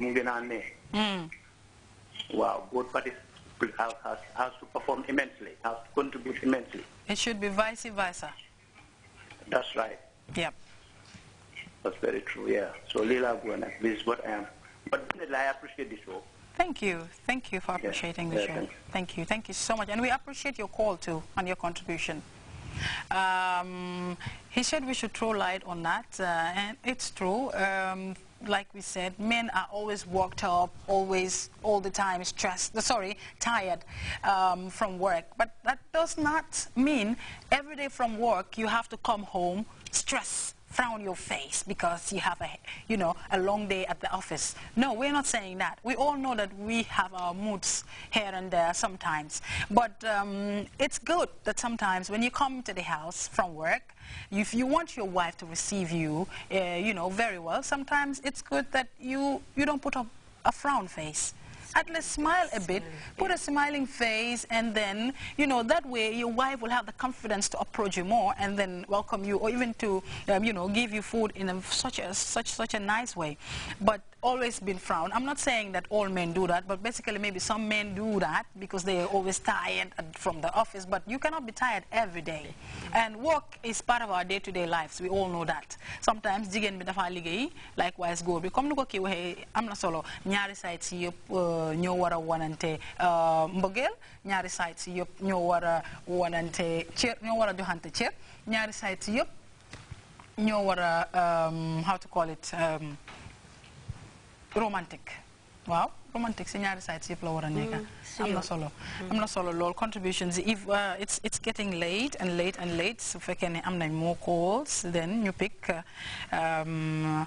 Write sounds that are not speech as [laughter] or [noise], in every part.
Mungkin Mm. Wow, both parties has, has, has to perform immensely, has to contribute immensely. It should be vice versa. That's right. Yep. That's very true, yeah. So Lila Gwena, this is what I am. But I appreciate this show. Thank you. Thank you for appreciating the yeah, show. Thank you. Thank you so much. And we appreciate your call too and your contribution. Um, he said we should throw light on that, uh, and it's true. Um, like we said, men are always worked up, always, all the time stressed, sorry, tired um, from work. But that does not mean every day from work you have to come home stressed frown your face because you have a, you know, a long day at the office. No, we're not saying that. We all know that we have our moods here and there sometimes. But um, it's good that sometimes when you come to the house from work, if you want your wife to receive you, uh, you know, very well, sometimes it's good that you, you don't put up a frown face. At least smile a bit, put a smiling face, and then, you know, that way your wife will have the confidence to approach you more and then welcome you or even to, um, you know, give you food in a, such, a, such, such a nice way. But always been frowned. I'm not saying that all men do that, but basically maybe some men do that because they are always tired from the office, but you cannot be tired every day. And work is part of our day-to-day -day lives. We all know that. Sometimes jigen bi dafa liggéey, likewise go. bi comme ko kii waxee am na solo ñaari ñoo war a wanante uh, mbëggeel ñaari sites yëpp ñoo war a wanante cër ñoo war a joxante cër ñaari sites yëpp ñoo um, how to call it um, romantic. Wow, romantic. si ñaari sites yëpp la war hmm, nekk am na solo hmm. am na solo lool contributions if uh, it's it's getting late and late and late su fekkee ne am nañ more calls then you pick um,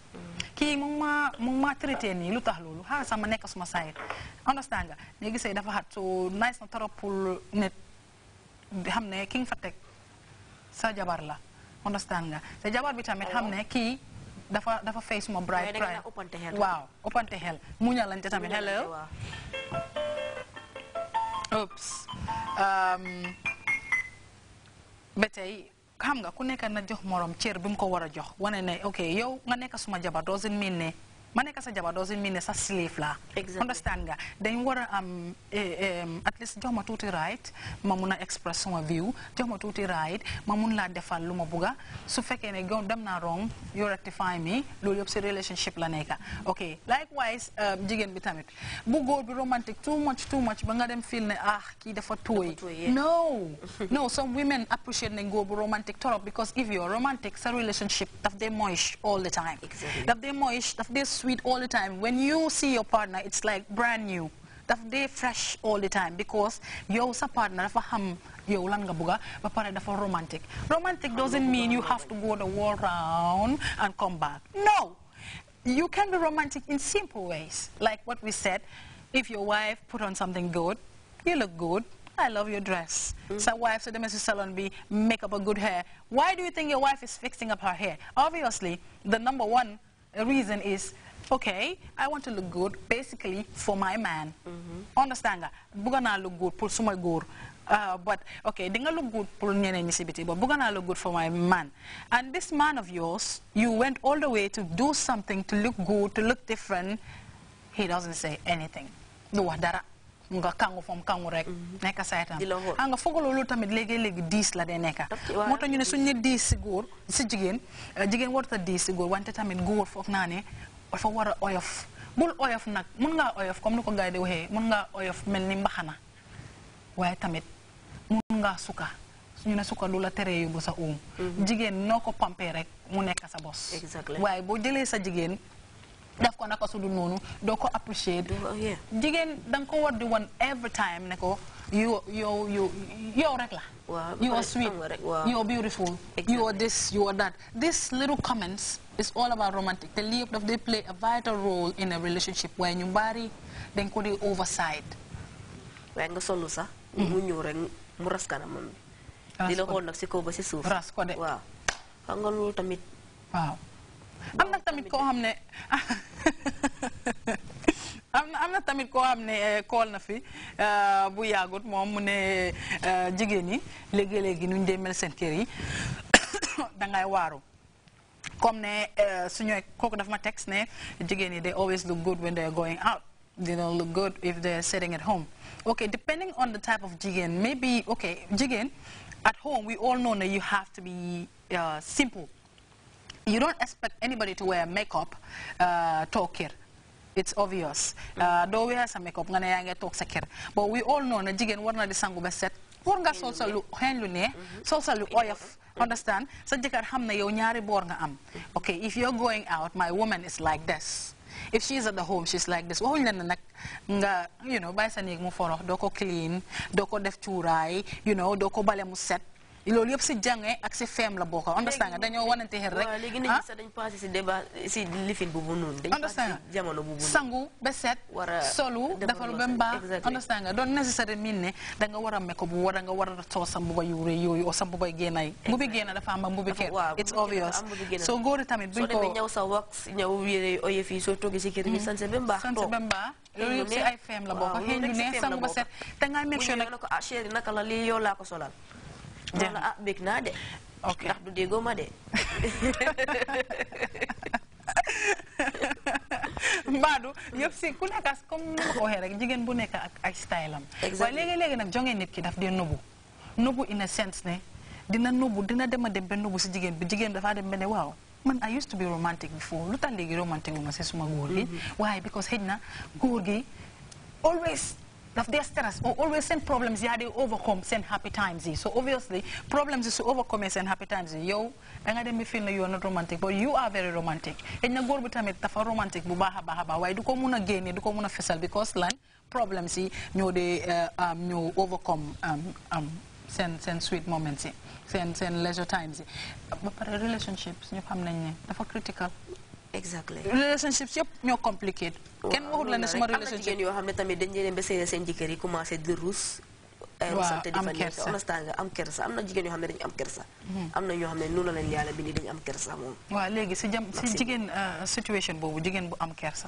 ki mu ma maa ma traiter ni lutax lolu lu sama nek xaaral suma sayit understand nga ni say dafa hat so nice na trop pour net xam ne ki nga fa tek sa jabar la understand nga sa jabar bi tamit xamne ki dafa dafa dafa bright bright bride pride waaw ëppante xel lan tamit hello oops um betay xam nga ku nekk na jox morom cër bi mu ko war a jox wane ne ok yow nga nekk suma jabar doesn't mean ne ma nekk "Jaba doesn't mean it's a slave la understand nga dañ war a am at least jox ma right mamuna mun a express my view jox ma right ma mun laa defal lu ma bugga dem na wrong you rectify me loolu yëpp relationship la ok likewise jigen bi tamit bu be romantic too much too much ba dem feel ne ah kii for tooy no [laughs] no some women appreciate ne góor romantic toro because if you're romantic sa relationship that dee moish all the time daf dee moish daf dee sweet all the time. When you see your partner, it's like brand new. They're fresh all the time because your partner for xam your lan nga bëgga partner pare romantic romantic doesn't mean you have to go the world round and come back no you can be romantic in simple ways like what we said if your wife put on something good you look good I love your dress. Mm -hmm. So wife said, Mrs. Salon be make up a good hair. Why do you think your wife is fixing up her hair? Obviously, the number one reason is okay I want to look good basically for my man mm-hmm. understand nga bëgg naa look good pour suma góor uh, but okay di look good pour ñeneen ñi si biti but bëgg look good for my man and this man of yours you went all the way to do something to look good to look different he doesn't say anything No, wax dara nga kangu fom kangu rek mm-hmm. nekka saytam a ah, nga foog loolu tamit léegi léegi diis la de neka. moo tax ñu ne suñ ne diis si góor si jigéen jigéen warut wante tamit góor foog naa dafa war a oyof bul oyof nag mun ngaa oyof comme ni ko gars yi di waxee mun ngaa oyof mel ni mbaxana waaye tamit mun ngaa sukka ñu ne sukka du la tere yóbbu sa uum mhm. jigéen noo ko pompee rek mu nekk sa bos waaye boo jëlee sa jigéen daf ko naka su dul noonu doo ko apprécier oh, jigéen danga ko war di wan every time ne ko you you you you're regular. Wow, you are sweet. Wow. You are beautiful. Exactly. You are this. You are that. These little comments is all about romantic. The They of they play a vital role in a relationship When you marry, then could the oversight. When go solo sa, unyo mm-hmm. reng muras kana mami. Dilo ko nag si ko ba si suf. Ras ko de. Wow. Hanggang lo tamit. Wow. Am nag tamit ko hamne. [laughs] am na am na tamit koo xam ne kool eh, na fi eh, bu yaagut moom mu ne eh, jigéen ñi léegi-léegi nuñ dee mel seen kër yi [coughs] dangay waaru comme ne suñu kooku dafa ma text ne Jigeni they always look good when they are going out they don't look good if they are sitting at home okay depending on the type of Jigen, maybe okay Jigen, at home we all know that you have to be simple you don't expect anybody to wear makeup toog kër it's obvious doo uh, weexa sa makeup nga ne yaa ngi sa kër but we all know na jigéen war na di sangu ba set war nga sol sa lu xeeñ lu ne lu mhm. oyof oh, understand sa jëkkër xam na yow ñaari boor am mhm. okay if you're going out my woman is like this if she's at the home she's like this waxuñ leen nag nga you know bàyyi sa néeg mu Doko clean Doko ko def cuuraay you know Doko ko bale loolu yëpp si jàngee ak si feem la boo ko understand nga dañ ah? passé si débat si lifin bu bu noonu dañ passé si jamono bu bu sangu ba set solu dafalu ba mbaax understand nga doon nécessaire miin ne da nga war a meko bu war a nga war a soo sa mbuba yu rëy yooyu o sa mbubay génnaay mbubi am mbubi kër it's soo góori tamit buñ ko soo demee ñëw sa wax ñëw yére oye fii soo toogee si kër gi mm-hmm. sanse ba mbaax sanse ba mbaax loolu yëpp si ay feem la boo ko xëy ne sangu ba set te nga make sure ah, naka la lii yow laa ko solal jeex na ah bég naa de. ok ndax du déggoo ma de. mbaadu yëpp si ku nekk comme ni waxee rek jigéen bu nekk ak ay style am. waaye léegi-léegi nag jonge nit ki daf dee nëbbu nëbbu in a sense ne dina nëbbu dina dem a dem ba nëbbu si jigéen bi jigéen dafaa dem ba ne waaw. man I used to be romantic before lu tax léegi romantique wu ma si suma góor gi mhm. waaye because xëj na góor gi always dafa dee stress or always seen problems yaa dee overcome seen happy times yi so obviously problems yi su overcome seen happy times yi yow da nga dem bi feel na you are not romantic but you are very romantic xëy na góor bi tamit dafa romantic bu baax a baax a baax waaye du ko mun a génne du ko mun a fesal because lan problems yi ñoo dee ñoo overcome seen um, um, seen sweet moments yi seen seen leisure times yi ba pare relationships ñu xam nañ ne dafa critical exactly relationships yëpp ñoo compliqué. kenn waxul la ne suma relationship am na jigéen yoo xam ne tamit dañu leen ba seen seen jëkkër yi commencé di ruus. am kersa nga am kersa am na jigéen yoo xam ne dañu am kersa. Hmm. am na ñoo xam ne noonu la leen yàlla bindi dañu am kersa moom. waaw léegi si jam si jigéen euh, situation boobu jigéen bu am kersa.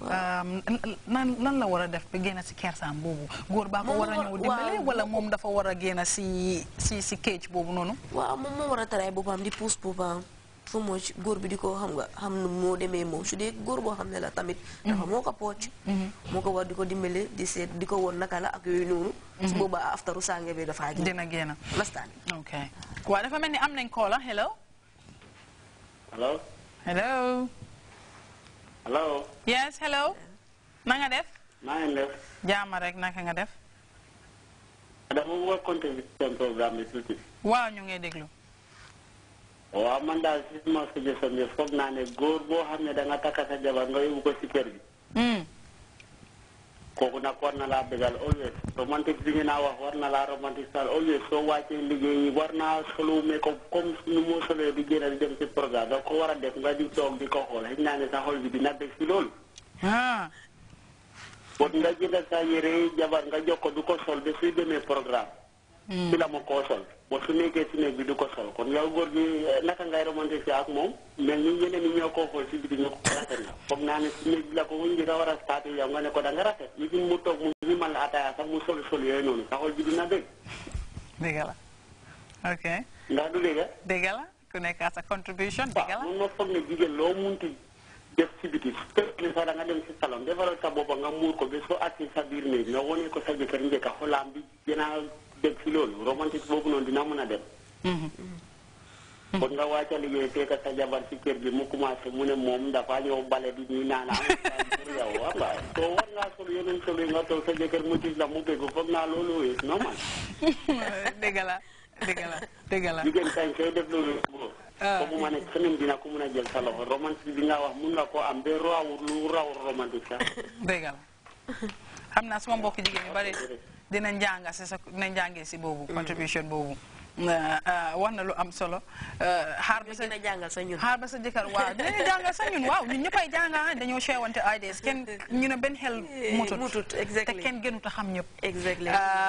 Euh, nan lan la war a def ba génn si kersaam boobu góor baa ko war a ñëw dimbale wala moom dafa war a génn si si si cage boobu noonu. waaw moom fu mo ci gor bi diko xam nga xam nu mo demee mo su dee gor bo xam la tamit. Mhm. dafa moko ko mhm. moko war di ko di set diko won woon naka la ak yoy nonu su mhm. boba aftaru sangé bi dafa génn. dina génn lastaan. ok ko dafa melni am nañ la ah, hello. hello. hello. hello. yes hello. ma nga def. ma nga def. jaama rek naka nga def. dama bëgg a contribuer ci programme bi ci waaw ñu ngi déglu. waaw man daal si ma suggestion foog naa ne góor boo xam ne da nga takka sa jabar nga yóbbu ko si kër gi. Hmm. kooku nag war na laa bégal man romantique bi ngeen a wax war na laa romantique daal always soo wàccee liggéey yi war naa solo ko comme nu solee di génn di dem si programme da ko war a def nga di toog di ko xool xëy naa ne sa xol bi dina bég si loolu. bon nga jënd sa yére jabar nga jox ko du ko sol ba suy demee programme. ci hmm. la ma koo sol bo su nekkee ci néeg bi du ko sol kon yow gor bi eh, naka ngay remonté ci ak mom mel ni ñene ni ñoko ko ci si ñoko ko rafet na foog na ni si néeg bi la ko wuñu da wara staté yow nga ne ko da nga rafet ni gin mu tok mu ñu man la ataya sax mu sol sol yoy noonu taxol bi dina deg degala ok ndax du dégg degala ku nekk sa contribution degala mo ma ni ne lo muñti munti def si biti ni sax da nga dem ci salon defal sa boppa nga mur ko be so agsi sa bir ni nga woné ko sa jëkkër ka xolam bi dina dégg si loolu romantique boobu noonu dina mën a dem. kon nga wàcc a liggéey fekk sa jabar si kër gi mu commencé mu ne moom dafa ñëw bale di ñuy naan am ah, pour yow wala soo war ngaa sol yeneen solo nga toog sa jëkkër mu gis la mu bëgg foog naa loolu wees normal. [laughs] dëgg la dëgg la la. jigéen kañ koy def loolu. ah comme ma ne keneen dina ko mun a jël sa loxo romantique bi nga wa mun nga koo am ba rawul lu rawul romantique sax. [laughs] dëgg la xam naa suma mbokk jigéen yu dinañ jànga si sa dinañ jàngee si boobu mm. contribution boobu ah, wax na lu am solo eh, xar ba sa jàngal sa ñun xaar ba sa jëkkër waaw dinañu jàngal sa ñun waaw ñun ñëppay jànga ah, dañoo seewante ideas kenn ñu ne benn xel eh, mutut te kenn gënut a xam ñëpp eh,